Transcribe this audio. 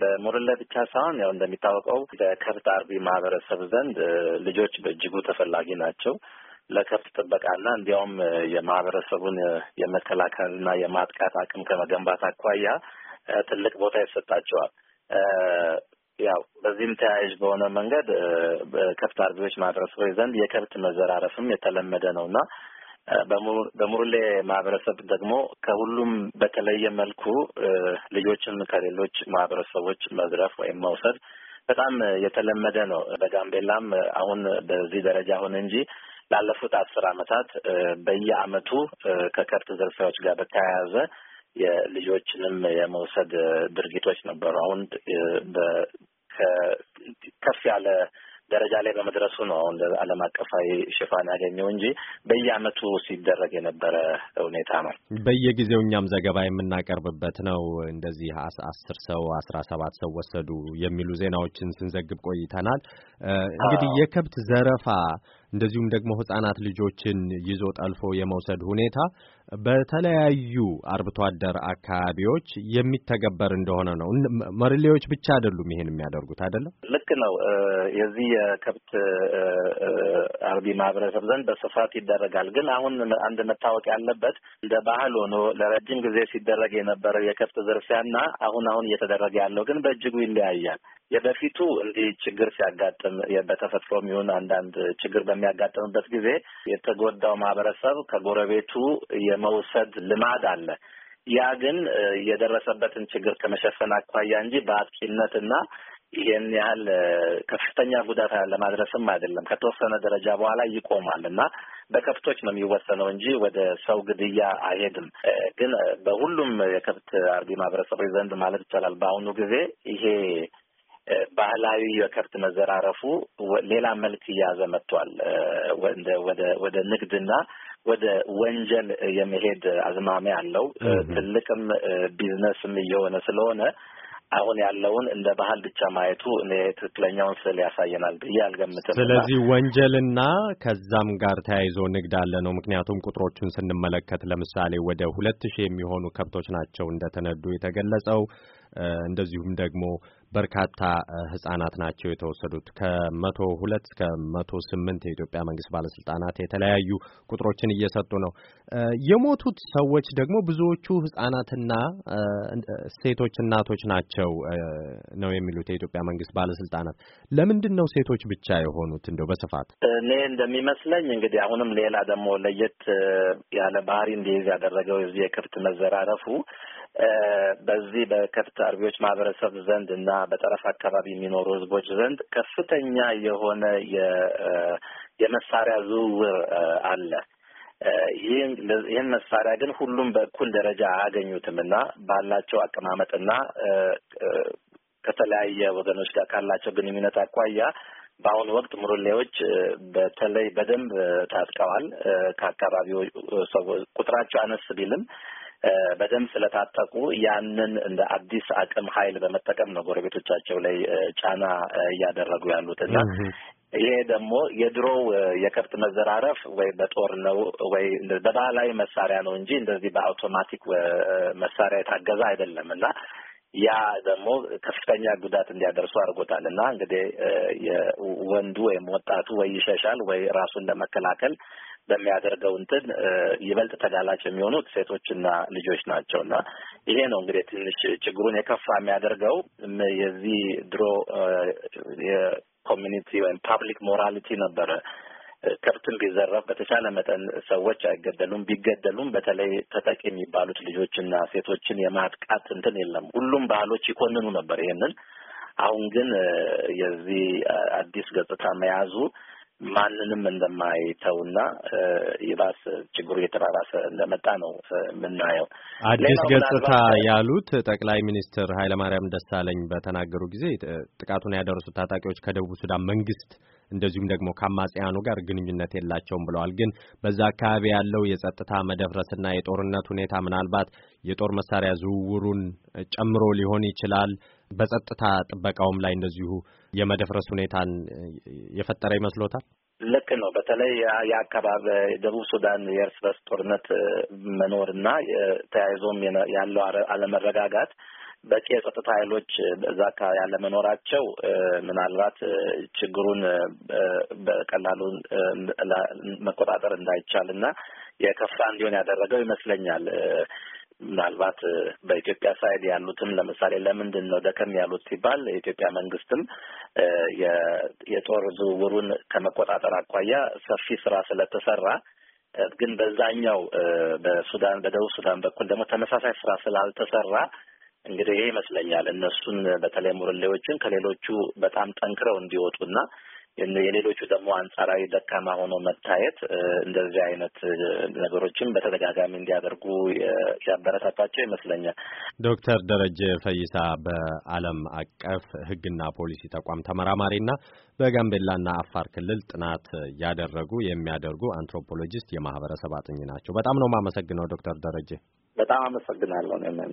በሞረል ብቻ ሳይሆን ያው እንደሚታወቀው በከብት አርቢ ማህበረሰብ ዘንድ ልጆች በእጅጉ ተፈላጊ ናቸው። ለከብት ጥበቃና እንዲያውም የማህበረሰቡን የመከላከልና የማጥቃት አቅም ከመገንባት አኳያ ትልቅ ቦታ ይሰጣቸዋል። ያው በዚህም ተያያዥ በሆነ መንገድ ከብት አርቢዎች ማህበረሰቦች ዘንድ የከብት መዘራረፍም የተለመደ ነው እና በሙርሌ ማህበረሰብ ደግሞ ከሁሉም በተለየ መልኩ ልጆችን ከሌሎች ማህበረሰቦች መዝረፍ ወይም መውሰድ በጣም የተለመደ ነው። በጋምቤላም አሁን በዚህ ደረጃ አሁን እንጂ ላለፉት አስር አመታት በየአመቱ ከከብት ዝርፊያዎች ጋር በተያያዘ የልጆችንም የመውሰድ ድርጊቶች ነበሩ። አሁን ከፍ ያለ ደረጃ ላይ በመድረሱ ነው እንደ ዓለም አቀፋዊ ሽፋን ያገኘው እንጂ በየዓመቱ ሲደረግ የነበረ ሁኔታ ነው። በየጊዜው እኛም ዘገባ የምናቀርብበት ነው። እንደዚህ አስር ሰው አስራ ሰባት ሰው ወሰዱ የሚሉ ዜናዎችን ስንዘግብ ቆይተናል። እንግዲህ የከብት ዘረፋ እንደዚሁም ደግሞ ህጻናት ልጆችን ይዞ ጠልፎ የመውሰድ ሁኔታ በተለያዩ አርብቶ አደር አካባቢዎች የሚተገበር እንደሆነ ነው። መርሌዎች ብቻ አይደሉም ይሄን የሚያደርጉት አይደለም። ልክ ነው። የዚህ የከብት አርቢ ማህበረሰብ ዘንድ በስፋት ይደረጋል። ግን አሁን አንድ መታወቅ ያለበት እንደ ባህል ሆኖ ለረጅም ጊዜ ሲደረግ የነበረው የከብት ዝርፊያና አሁን አሁን እየተደረገ ያለው ግን በእጅጉ ይለያያል። የበፊቱ እንዲህ ችግር ሲያጋጥም በተፈጥሮ የሚሆን አንዳንድ ችግር በሚያጋጥምበት ጊዜ የተጎዳው ማህበረሰብ ከጎረቤቱ የመውሰድ ልማድ አለ። ያ ግን የደረሰበትን ችግር ከመሸፈን አኳያ እንጂ በአጥቂነትና ይህን ያህል ከፍተኛ ጉዳት ለማድረስም አይደለም። ከተወሰነ ደረጃ በኋላ ይቆማል እና በከብቶች ነው የሚወሰነው እንጂ ወደ ሰው ግድያ አይሄድም። ግን በሁሉም የከብት አርቢ ማህበረሰቦች ዘንድ ማለት ይቻላል በአሁኑ ጊዜ ይሄ ባህላዊ የከብት መዘራረፉ ሌላ መልክ እያዘ መጥቷል። ወደ ንግድና ወደ ወንጀል የመሄድ አዝማሚያ አለው። ትልቅም ቢዝነስም እየሆነ ስለሆነ አሁን ያለውን እንደ ባህል ብቻ ማየቱ እኔ ትክክለኛውን ስዕል ያሳየናል ብዬ አልገምትም። ስለዚህ ወንጀልና ከዛም ጋር ተያይዞ ንግድ አለ ነው። ምክንያቱም ቁጥሮቹን ስንመለከት ለምሳሌ ወደ ሁለት ሺህ የሚሆኑ ከብቶች ናቸው እንደተነዱ የተገለጸው። እንደዚሁም ደግሞ በርካታ ህጻናት ናቸው የተወሰዱት። ከመቶ ሁለት እስከ መቶ ስምንት የኢትዮጵያ መንግስት ባለስልጣናት የተለያዩ ቁጥሮችን እየሰጡ ነው። የሞቱት ሰዎች ደግሞ ብዙዎቹ ህጻናትና ሴቶች እናቶች ናቸው ነው የሚሉት የኢትዮጵያ መንግስት ባለስልጣናት። ለምንድን ነው ሴቶች ብቻ የሆኑት? እንደው በስፋት እኔ እንደሚመስለኝ እንግዲህ አሁንም ሌላ ደግሞ ለየት ያለ ባህሪ እንዲይዝ ያደረገው የዚህ የከብት መዘራረፉ በዚህ በከብት አርቢዎች ማህበረሰብ ዘንድ እና በጠረፍ አካባቢ የሚኖሩ ህዝቦች ዘንድ ከፍተኛ የሆነ የመሳሪያ ዝውውር አለ። ይህን መሳሪያ ግን ሁሉም በእኩል ደረጃ አያገኙትም እና ባላቸው አቀማመጥና ከተለያየ ወገኖች ጋር ካላቸው ግንኙነት አኳያ በአሁኑ ወቅት ሙርሌዎች በተለይ በደንብ ታጥቀዋል። ከአካባቢው ሰዎች ቁጥራቸው አነስ ቢልም በደንብ ስለታጠቁ ያንን እንደ አዲስ አቅም ኃይል በመጠቀም ነው ጎረቤቶቻቸው ላይ ጫና እያደረጉ ያሉት እና ይሄ ደግሞ የድሮው የከብት መዘራረፍ ወይ በጦር ነው ወይ በባህላዊ መሳሪያ ነው እንጂ እንደዚህ በአውቶማቲክ መሳሪያ የታገዘ አይደለም እና ያ ደግሞ ከፍተኛ ጉዳት እንዲያደርሱ አድርጎታል እና እንግዲህ ወንዱ ወይም ወጣቱ ወይ ይሸሻል ወይ ራሱን ለመከላከል በሚያደርገው እንትን ይበልጥ ተጋላጭ የሚሆኑት ሴቶችና ልጆች ናቸው እና ይሄ ነው እንግዲህ ትንሽ ችግሩን የከፋ የሚያደርገው የዚህ ድሮ የኮሚኒቲ ወይም ፓብሊክ ሞራሊቲ ነበረ ከብትም ቢዘረፍ በተቻለ መጠን ሰዎች አይገደሉም። ቢገደሉም በተለይ ተጠቂ የሚባሉት ልጆችና ሴቶችን የማጥቃት እንትን የለም። ሁሉም ባህሎች ይኮንኑ ነበር ይሄንን። አሁን ግን የዚህ አዲስ ገጽታ መያዙ ማንንም እንደማይተውና ይባስ ችግሩ የተባባሰ እንደመጣ ነው የምናየው። አዲስ ገጽታ ያሉት ጠቅላይ ሚኒስትር ኃይለማርያም ደሳለኝ በተናገሩ ጊዜ ጥቃቱን ያደረሱት ታጣቂዎች ከደቡብ ሱዳን መንግስት እንደዚሁም ደግሞ ከአማጽያኑ ጋር ግንኙነት የላቸውም ብለዋል። ግን በዛ አካባቢ ያለው የጸጥታ መደፍረስና የጦርነት ሁኔታ ምናልባት የጦር መሳሪያ ዝውውሩን ጨምሮ ሊሆን ይችላል በጸጥታ ጥበቃውም ላይ እንደዚሁ የመደፍረስ ሁኔታን የፈጠረ ይመስሎታል? ልክ ነው። በተለይ የአካባቢ ደቡብ ሱዳን የእርስ በርስ ጦርነት መኖርና ተያይዞም ያለው አለመረጋጋት በቂ የጸጥታ ኃይሎች በዛ አካባቢ ያለመኖራቸው ምናልባት ችግሩን በቀላሉ መቆጣጠር እንዳይቻል እና የከፋ እንዲሆን ያደረገው ይመስለኛል። ምናልባት በኢትዮጵያ ሳይድ ያሉትም ለምሳሌ ለምንድን ነው ደከም ያሉት ሲባል የኢትዮጵያ መንግስትም የጦር ዝውውሩን ከመቆጣጠር አኳያ ሰፊ ስራ ስለተሰራ ግን በዛኛው በሱዳን በደቡብ ሱዳን በኩል ደግሞ ተመሳሳይ ስራ ስላልተሰራ እንግዲህ ይሄ ይመስለኛል እነሱን በተለይ ሙርሌዎችን ከሌሎቹ በጣም ጠንክረው እንዲወጡና የሌሎቹ ደግሞ አንጻራዊ ደካማ ሆኖ መታየት እንደዚህ አይነት ነገሮችን በተደጋጋሚ እንዲያደርጉ ያበረታታቸው ይመስለኛል። ዶክተር ደረጀ ፈይሳ በዓለም አቀፍ ሕግና ፖሊሲ ተቋም ተመራማሪና በጋምቤላና አፋር ክልል ጥናት ያደረጉ የሚያደርጉ አንትሮፖሎጂስት የማህበረሰብ አጥኚ ናቸው። በጣም ነው የማመሰግነው ዶክተር ደረጀ። በጣም አመሰግናለሁ።